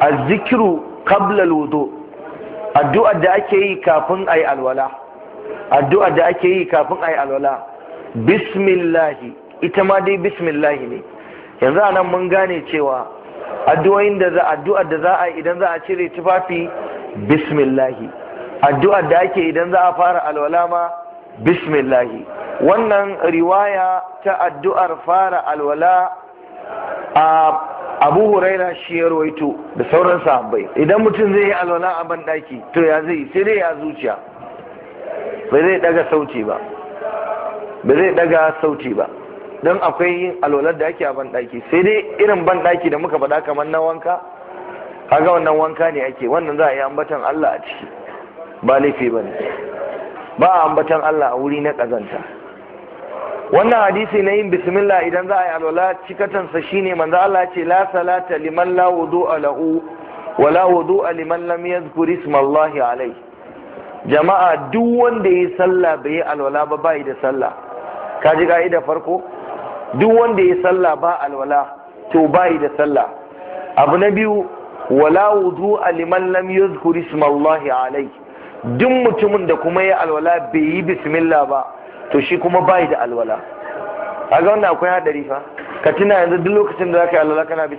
azzikiru kabla lodo addu'ar da ake yi kafin yi alwala addu'ar da ake yi kafin yi alwala bismillahi ita ma dai bismillahi ne yanzu anan mun gane cewa addu'ar da za a idan za a cire tufafi bismillahi addu'ar da ake idan za a fara alwala ma bismillahi wannan riwaya ta addu'ar fara alwala a abu huraira shi ya rawaito da sauran sahabbai idan mutum zai yi alwala a banɗaki to ya zai sai dai ya zuciya ba zai daga sauti ba ba zai daga sauti ba don akwai alwalar da ake a banɗaki sai dai irin banɗaki da muka faɗa kamar na wanka kaga wannan wanka ne ake wannan za a yi ambatan Allah a ciki ba laifi ba ne ba a ambatan Allah a wuri na ƙazanta wannan hadisi na yin bismillah idan za a yi alwala cikatansa shine manzo Allah ce la salata liman la a lahu wa la wudu'a liman lam yadhkur isma alai jama'a duk wanda yi sallah bai yi alwala ba bai da sallah ka ji ka'ida farko duk wanda yi sallah ba alwala to bai da sallah abu na biyu wala wudu'a liman lam yadhkur isma alai duk mutumin da kuma ya alwala bai yi bismillah ba to shi kuma bai da alwala a ga wanda akwai hadari fa ka tuna yanzu duk lokacin da zaka yi alwala kana